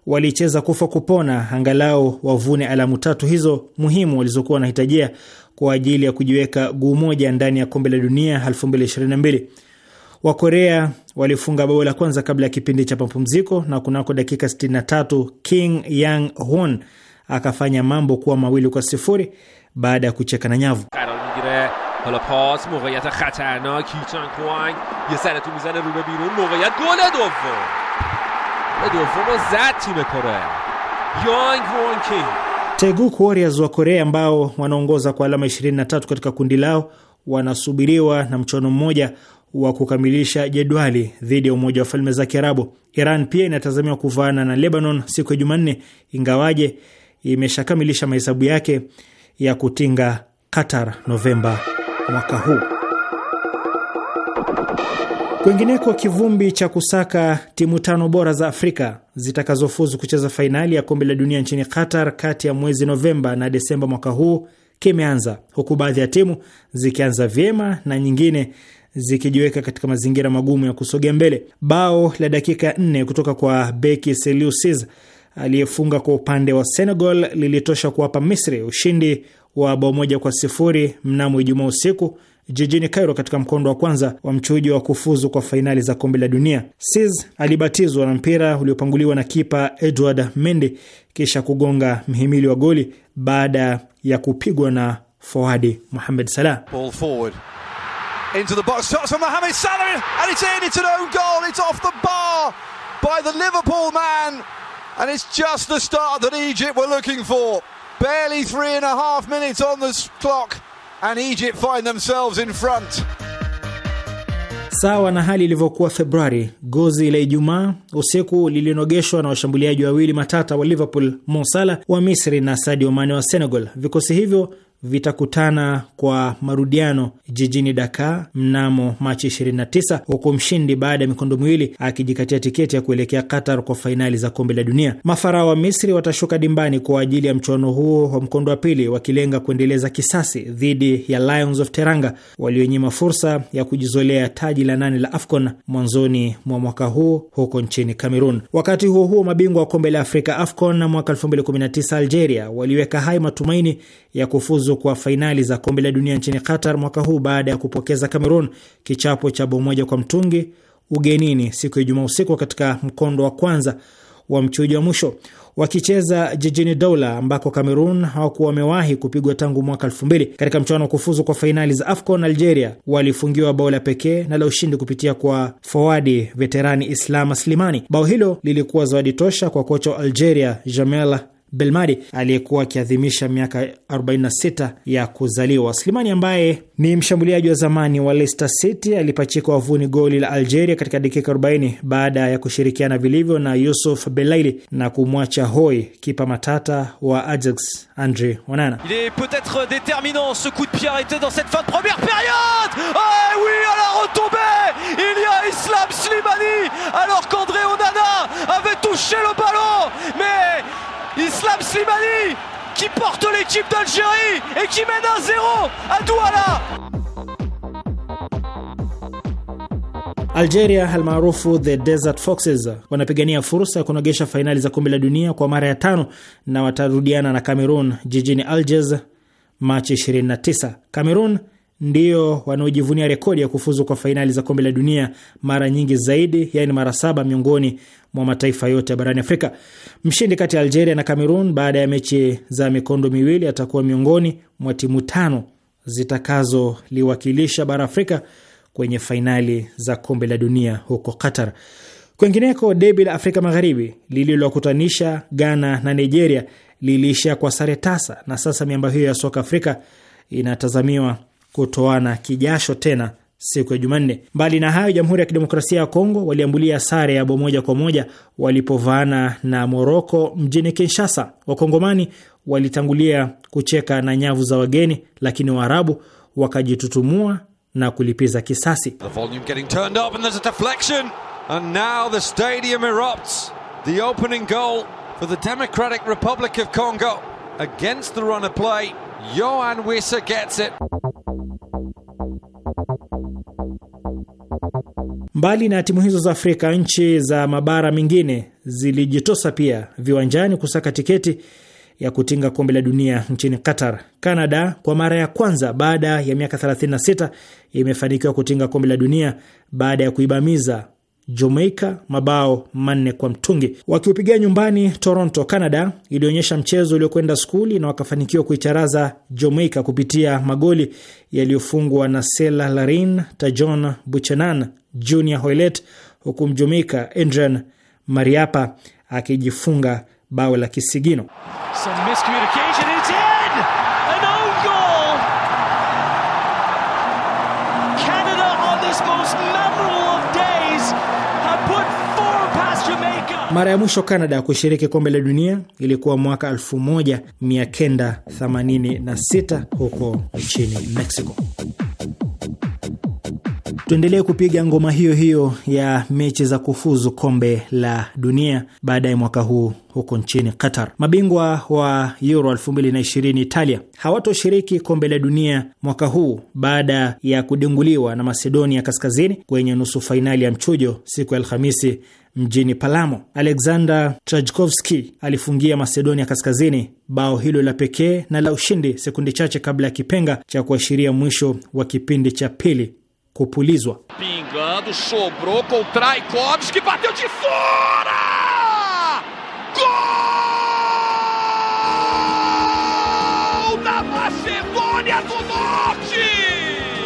walicheza kufa kupona, angalau wavune alamu tatu hizo muhimu walizokuwa wanahitajia kwa ajili ya kujiweka guu moja ndani ya kombe la dunia 2022 wa korea walifunga bao la kwanza kabla ya kipindi cha mapumziko, na kunako dakika 63 King Yang Hon akafanya mambo kuwa mawili kwa sifuri baada ya kucheka na nyavu. Taeguk Warriors wa Korea ambao wanaongoza kwa alama 23 katika kundi lao wanasubiriwa na mchuano mmoja wa kukamilisha jedwali dhidi ya Umoja wa Falme za Kiarabu. Iran pia inatazamiwa kuvaana na Lebanon siku ya Jumanne, ingawaje imeshakamilisha mahesabu yake ya kutinga Qatar Novemba mwaka huu. Kwingineko, kivumbi cha kusaka timu tano bora za Afrika zitakazofuzu kucheza fainali ya kombe la dunia nchini Qatar kati ya mwezi Novemba na Desemba mwaka huu kimeanza, huku baadhi ya timu zikianza vyema na nyingine zikijiweka katika mazingira magumu ya kusogea mbele. Bao la dakika nne kutoka kwa beki Saliou aliyefunga kwa upande wa Senegal lilitosha kuwapa Misri ushindi wa bao moja kwa sifuri mnamo Ijumaa usiku jijini Cairo katika mkondo wa kwanza wa mchujo wa kufuzu kwa fainali za kombe la dunia. Sis alibatizwa na mpira uliopanguliwa na kipa Edward Mendy kisha kugonga mhimili wa goli baada ya kupigwa na fawadi Mohamed Salah. Ball forward into the box. Shots from Mohamed Salah, and it's in. It's an own goal. It's off the bar by the Liverpool man, and it's just the start that Egypt were looking for. Barely three and a half minutes on the clock, and Egypt find themselves in front. Sawa na hali ilivyokuwa Februari, gozi la Ijumaa usiku lilinogeshwa na washambuliaji wawili matata wa Liverpool, Mo Salah wa Misri na Sadio Mane wa Senegal. Vikosi hivyo vitakutana kwa marudiano jijini Dakar mnamo Machi 29 huku mshindi baada ya mikondo miwili akijikatia tiketi ya kuelekea Qatar kwa fainali za kombe la dunia. Mafarao wa Misri watashuka dimbani kwa ajili ya mchuano huo wa mkondo wa pili, wakilenga kuendeleza kisasi dhidi ya Lions of Teranga walionyima fursa ya kujizolea taji la nane la AFCON mwanzoni mwa mwaka huu huko nchini Cameroon. Wakati huo huo, mabingwa wa kombe la Afrika AFCON na mwaka 2019 Algeria waliweka hai matumaini ya kufuzu mzunguko wa fainali za kombe la dunia nchini Qatar mwaka huu baada ya kupokeza Cameroon kichapo cha bao moja kwa mtungi ugenini siku ya Ijumaa usiku katika mkondo wa kwanza wa mchujo wa mwisho wakicheza jijini Doula ambako Cameroon hawakuwa wamewahi kupigwa tangu mwaka elfu mbili. Katika mchuano wa kufuzu kwa fainali za AFCON, Algeria walifungiwa bao la pekee na la ushindi kupitia kwa fawadi veterani Islama Slimani. Bao hilo lilikuwa zawadi tosha kwa kocha wa Algeria Jamel Belmadi aliyekuwa akiadhimisha miaka 46 ya kuzaliwa. Slimani ambaye ni mshambuliaji wa zamani wa Leicester City alipachika wavuni goli la Algeria katika dakika 40 baada ya kushirikiana vilivyo na Yusuf Belaili na kumwacha hoi kipa matata wa Ajax Andre Onana. Il est peut-être déterminant ce coup de pied arrêté dans cette fin de première période. Ah oui, à la retombée, il y a Islam Slimani alors quandre Onana avait touché le ballon mais Islam Slimani qui porte l'équipe d'Algérie et qui mène un 0 à Douala. Algeria almaarufu the Desert Foxes wanapigania fursa ya kunogesha fainali za kombe la dunia kwa mara ya tano na watarudiana na Cameroon jijini Algiers Machi 29. Cameroon ndio wanaojivunia rekodi ya kufuzu kwa fainali za kombe la dunia mara nyingi zaidi, yaani mara saba miongoni mwa mataifa yote barani Afrika. Mshindi kati ya Algeria na Cameroon baada ya mechi za mikondo miwili atakuwa miongoni mwa timu tano zitakazoliwakilisha bara Afrika kwenye fainali za kombe la dunia huko Qatar. Kwengineko, debi la Afrika Magharibi lililokutanisha Ghana na Nigeria liliishia kwa sare tasa, na sasa miamba hiyo ya soka Afrika inatazamiwa kutoana kijasho tena siku ya Jumanne. Mbali na hayo, Jamhuri ya Kidemokrasia ya Kongo waliambulia sare ya bao moja kwa moja walipovaana na Moroko mjini Kinshasa. Wakongomani walitangulia kucheka na nyavu za wageni, lakini Waarabu wakajitutumua na kulipiza kisasi. The Mbali na timu hizo za Afrika, nchi za mabara mengine zilijitosa pia viwanjani kusaka tiketi ya kutinga kombe la dunia nchini Qatar. Canada kwa mara ya kwanza baada ya miaka 36 imefanikiwa kutinga kombe la dunia baada ya kuibamiza Jamaica mabao manne kwa mtungi. Wakiupigia nyumbani Toronto, Canada ilionyesha mchezo uliokwenda skuli na wakafanikiwa kuicharaza Jamaica kupitia magoli yaliyofungwa na Sela Larin, Tajon Buchanan, Junior Hoilet, huku Mjamaica Adrian Mariapa akijifunga bao la kisigino Some Mara ya mwisho Canada kushiriki kombe la dunia ilikuwa mwaka 1986 huko nchini Mexico. Tuendelee kupiga ngoma hiyo hiyo ya mechi za kufuzu kombe la dunia baadaye mwaka huu huko nchini Qatar. Mabingwa wa Euro 2020 Italia hawatoshiriki kombe la dunia mwaka huu baada ya kudinguliwa na Macedonia Kaskazini kwenye nusu fainali ya mchujo siku ya Alhamisi mjini Palamo. Alexander Trajkovski alifungia Macedonia Kaskazini bao hilo la pekee na la ushindi sekundi chache kabla ya kipenga cha kuashiria mwisho wa kipindi cha pili kupulizwa. Pingando sobrou com Trajkovski bateu de fora! Gol da Macedonia do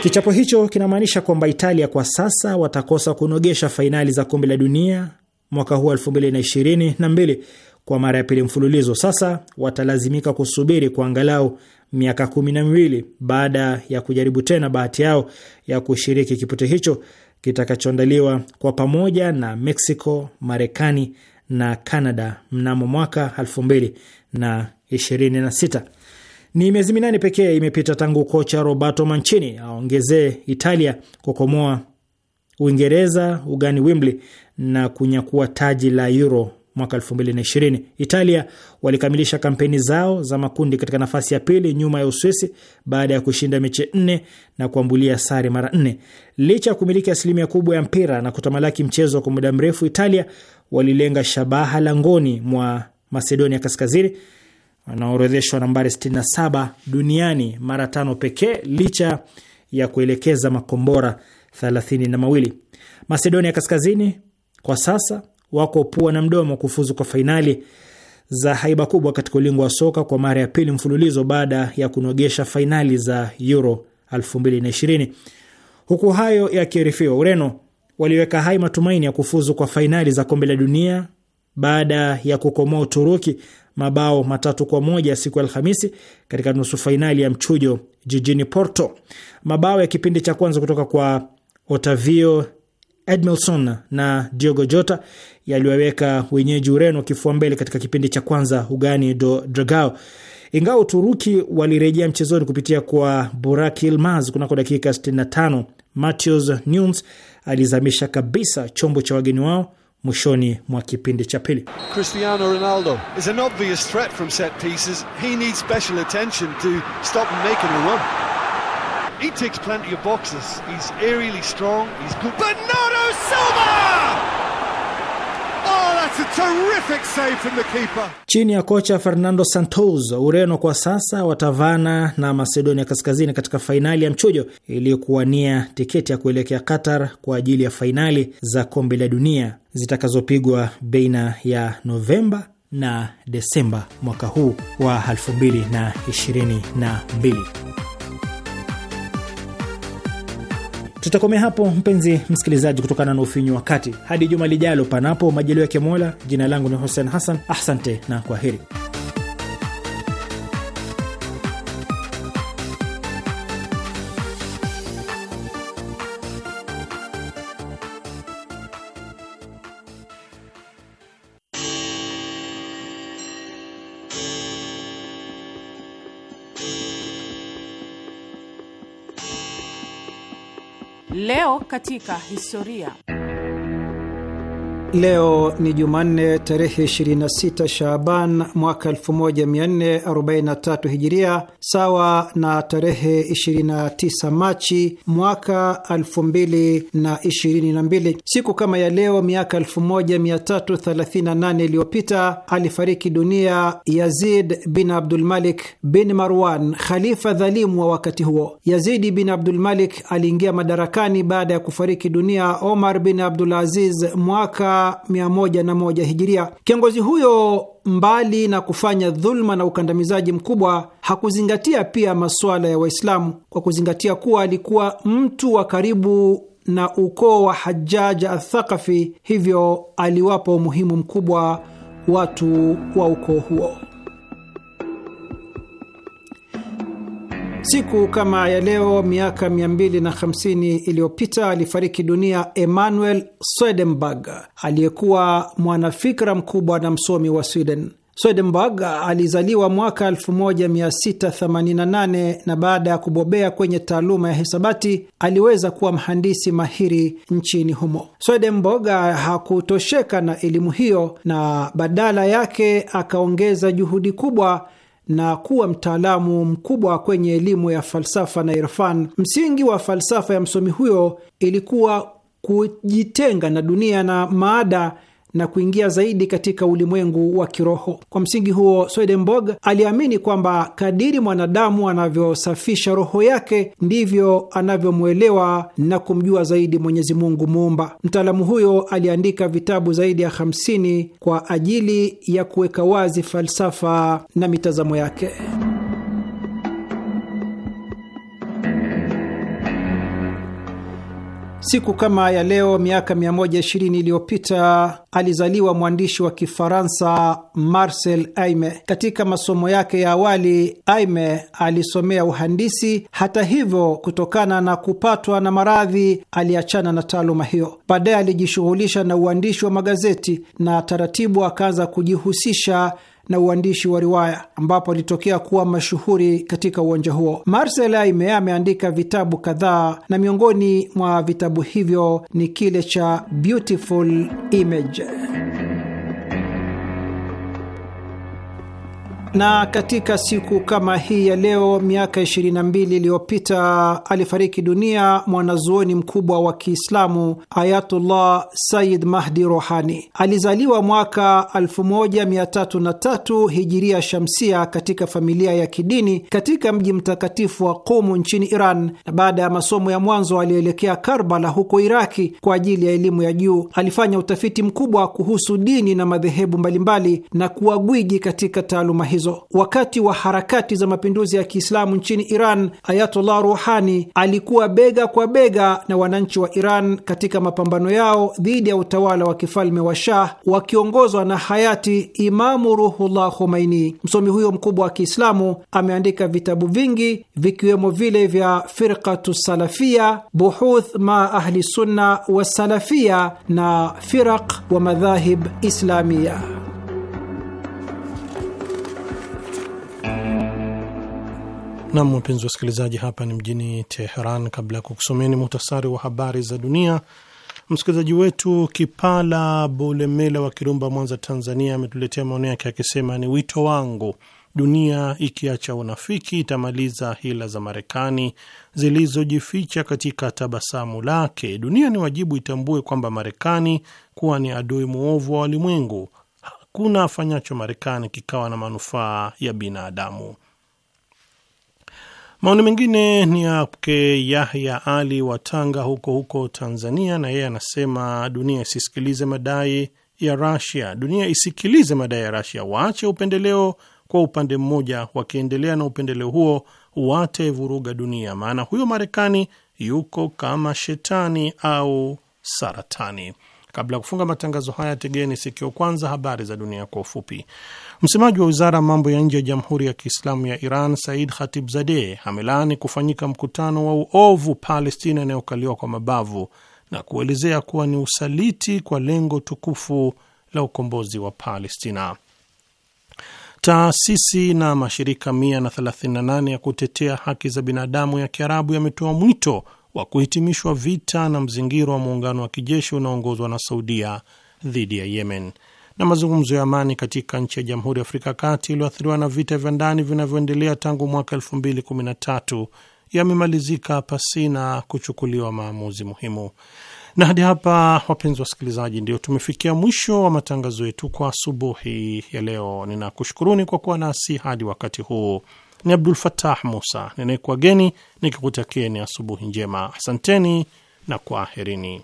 Kichapo hicho kinamaanisha kwamba Italia kwa sasa watakosa kunogesha fainali za kombe la dunia mwaka huu 2022 kwa mara ya pili mfululizo. Sasa watalazimika kusubiri kwa angalau miaka kumi na miwili baada ya kujaribu tena bahati yao ya kushiriki kipute hicho kitakachoandaliwa kwa pamoja na Mexico, Marekani na Canada mnamo mwaka 2026. Ni miezi minane pekee imepita tangu kocha Roberto Mancini aongezee Italia kukomoa Uingereza ugani Wembley na kunyakua taji la Euro mwaka 2020. Italia walikamilisha kampeni zao za makundi katika nafasi ya pili nyuma ya Uswisi baada ya kushinda mechi nne na kuambulia sare mara nne. Licha ya kumiliki asilimia kubwa ya mpira na kutamalaki mchezo kwa muda mrefu, Italia walilenga shabaha langoni mwa Macedonia Kaskazini wanaorodheshwa nambari 67 duniani mara tano pekee licha ya kuelekeza makombora 32. Macedonia Kaskazini kwa sasa wako pua na mdomo kufuzu kwa fainali za haiba kubwa katika ulingo wa soka kwa mara ya pili mfululizo baada ya kunogesha fainali za Euro 2020. Huku hayo yakiarifiwa, Ureno waliweka hai matumaini ya kufuzu kwa fainali za kombe la dunia baada ya kukomoa Uturuki mabao matatu kwa moja siku ya Alhamisi katika nusu fainali ya mchujo jijini Porto. Mabao ya kipindi cha kwanza kutoka kwa Otavio Edmilson na Diogo Jota yaliwaweka wenyeji Ureno kifua mbele katika kipindi cha kwanza ugani do Dragao, ingawa Uturuki walirejea mchezoni kupitia kwa Burak Yilmaz kunako dakika 65. Matheus Nunes alizamisha kabisa chombo cha wageni wao mwishoni mwa kipindi cha pili. Cristiano Ronaldo is an obvious threat from set pieces. He needs special attention to stop making a run. He ticks plenty of boxes. He's aerially strong, he's good. Bernardo Silva! a terrific save from the keeper. Chini ya kocha Fernando Santos, Ureno kwa sasa watavana na Macedonia Kaskazini katika fainali ya mchujo iliyokuwania tiketi ya kuelekea Qatar kwa ajili ya fainali za kombe la dunia zitakazopigwa baina ya Novemba na Desemba mwaka huu wa 2022. Tutakomea hapo mpenzi msikilizaji, kutokana na ufinyu wakati. Hadi juma lijalo, panapo majaliwa ya Kemola. Jina langu ni Hussein Hassan, asante na kwa heri. Leo katika historia. Leo ni Jumanne tarehe 26 Shaaban mwaka 1443 Hijiria, sawa na tarehe 29 Machi mwaka 2022. Siku kama ya leo miaka 1338 iliyopita alifariki dunia Yazid bin Abdulmalik bin Marwan, khalifa dhalimu wa wakati huo. Yazidi bin Abdulmalik aliingia madarakani baada ya kufariki dunia Omar bin abdul aziz mwaka 101 Hijiria. Kiongozi huyo mbali na kufanya dhulma na ukandamizaji mkubwa hakuzingatia kuzingatia pia masuala ya Waislamu kwa kuzingatia kuwa alikuwa mtu wa karibu na ukoo wa Hajaja Athaqafi, hivyo aliwapa umuhimu mkubwa watu wa ukoo huo. Siku kama ya leo miaka 250 iliyopita alifariki dunia emmanuel Swedenborg, aliyekuwa mwanafikra mkubwa na msomi wa Sweden. Swedenborg alizaliwa mwaka 1688 na baada ya kubobea kwenye taaluma ya hisabati aliweza kuwa mhandisi mahiri nchini humo. Swedenborg hakutosheka na elimu hiyo, na badala yake akaongeza juhudi kubwa na kuwa mtaalamu mkubwa kwenye elimu ya falsafa na irfan. Msingi wa falsafa ya msomi huyo ilikuwa kujitenga na dunia na maada na kuingia zaidi katika ulimwengu wa kiroho. Kwa msingi huo, Swedenborg aliamini kwamba kadiri mwanadamu anavyosafisha roho yake ndivyo anavyomwelewa na kumjua zaidi Mwenyezi Mungu Muumba. Mtaalamu huyo aliandika vitabu zaidi ya 50 kwa ajili ya kuweka wazi falsafa na mitazamo yake. Siku kama ya leo miaka 120 iliyopita alizaliwa mwandishi wa Kifaransa Marcel Aime. Katika masomo yake ya awali, Aime alisomea uhandisi. Hata hivyo, kutokana na kupatwa na maradhi, aliachana na taaluma hiyo. Baadaye alijishughulisha na uandishi wa magazeti na taratibu akaanza kujihusisha na uandishi wa riwaya ambapo alitokea kuwa mashuhuri katika uwanja huo. Marcel Aime ameandika vitabu kadhaa na miongoni mwa vitabu hivyo ni kile cha Beautiful Image. Na katika siku kama hii ya leo miaka 22 iliyopita alifariki dunia mwanazuoni mkubwa wa Kiislamu Ayatullah Sayyid Mahdi Rohani. Alizaliwa mwaka 1303 hijiria shamsia katika familia ya kidini katika mji mtakatifu wa Qumu nchini Iran, na baada ya masomo ya mwanzo alielekea Karbala huko Iraki kwa ajili ya elimu ya juu. Alifanya utafiti mkubwa kuhusu dini na madhehebu mbalimbali na kuwa gwiji katika taaluma hizo hizo. Wakati wa harakati za mapinduzi ya Kiislamu nchini Iran, Ayatollah Ruhani alikuwa bega kwa bega na wananchi wa Iran katika mapambano yao dhidi ya utawala wa kifalme wa Shah wakiongozwa na hayati Imamu Ruhullah Khomeini. Msomi huyo mkubwa wa Kiislamu ameandika vitabu vingi vikiwemo vile vya Firqatu Salafia, Buhuth ma Ahli Sunna Wasalafia na Firaq wa Madhahib Islamia. Nam, wapenzi wasikilizaji, hapa ni mjini Teheran. Kabla ya kukusomeni muhtasari wa habari za dunia, msikilizaji wetu Kipala Bulemela wa Kirumba, Mwanza, Tanzania, ametuletea maoni yake akisema, ni wito wangu, dunia ikiacha unafiki itamaliza hila za Marekani zilizojificha katika tabasamu lake. Dunia ni wajibu itambue kwamba Marekani kuwa ni adui mwovu wa walimwengu. Hakuna afanyacho Marekani kikawa na manufaa ya binadamu. Maoni mengine ni yake Yahya Ali wa Tanga, huko huko Tanzania, na yeye anasema dunia isisikilize madai ya Rasia, dunia isikilize madai ya Rasia, waache upendeleo kwa upande mmoja. Wakiendelea na upendeleo huo wataivuruga dunia, maana huyo Marekani yuko kama shetani au saratani. Kabla ya kufunga matangazo haya, tegeni sikio kwanza habari za dunia kwa ufupi. Msemaji wa wizara ya mambo ya nje ya Jamhuri ya Kiislamu ya Iran, Said Khatibzadeh, amelaani kufanyika mkutano wa uovu Palestina inayokaliwa kwa mabavu na kuelezea kuwa ni usaliti kwa lengo tukufu la ukombozi wa Palestina. Taasisi na mashirika 138 ya kutetea haki za binadamu ya Kiarabu yametoa mwito wa kuhitimishwa vita na mzingiro wa muungano wa kijeshi unaoongozwa na Saudia dhidi ya Yemen na mazungumzo ya amani katika nchi ya Jamhuri ya Afrika ya Kati iliyoathiriwa na vita vya ndani vinavyoendelea tangu mwaka tatu yamemalizika pasina kuchukuliwa maamuzi muhimu. Na hadi hapa, wapenzi wasikilizaji, ndio tumefikia mwisho wa matangazo yetu kwa asubuhi ya leo. Ninakushukuruni kwa kuwa nasi hadi wakati huu. Ni Abdul Fatah Musa ninayekuwageni nikikutakieni asubuhi njema. Asanteni na kwaherini.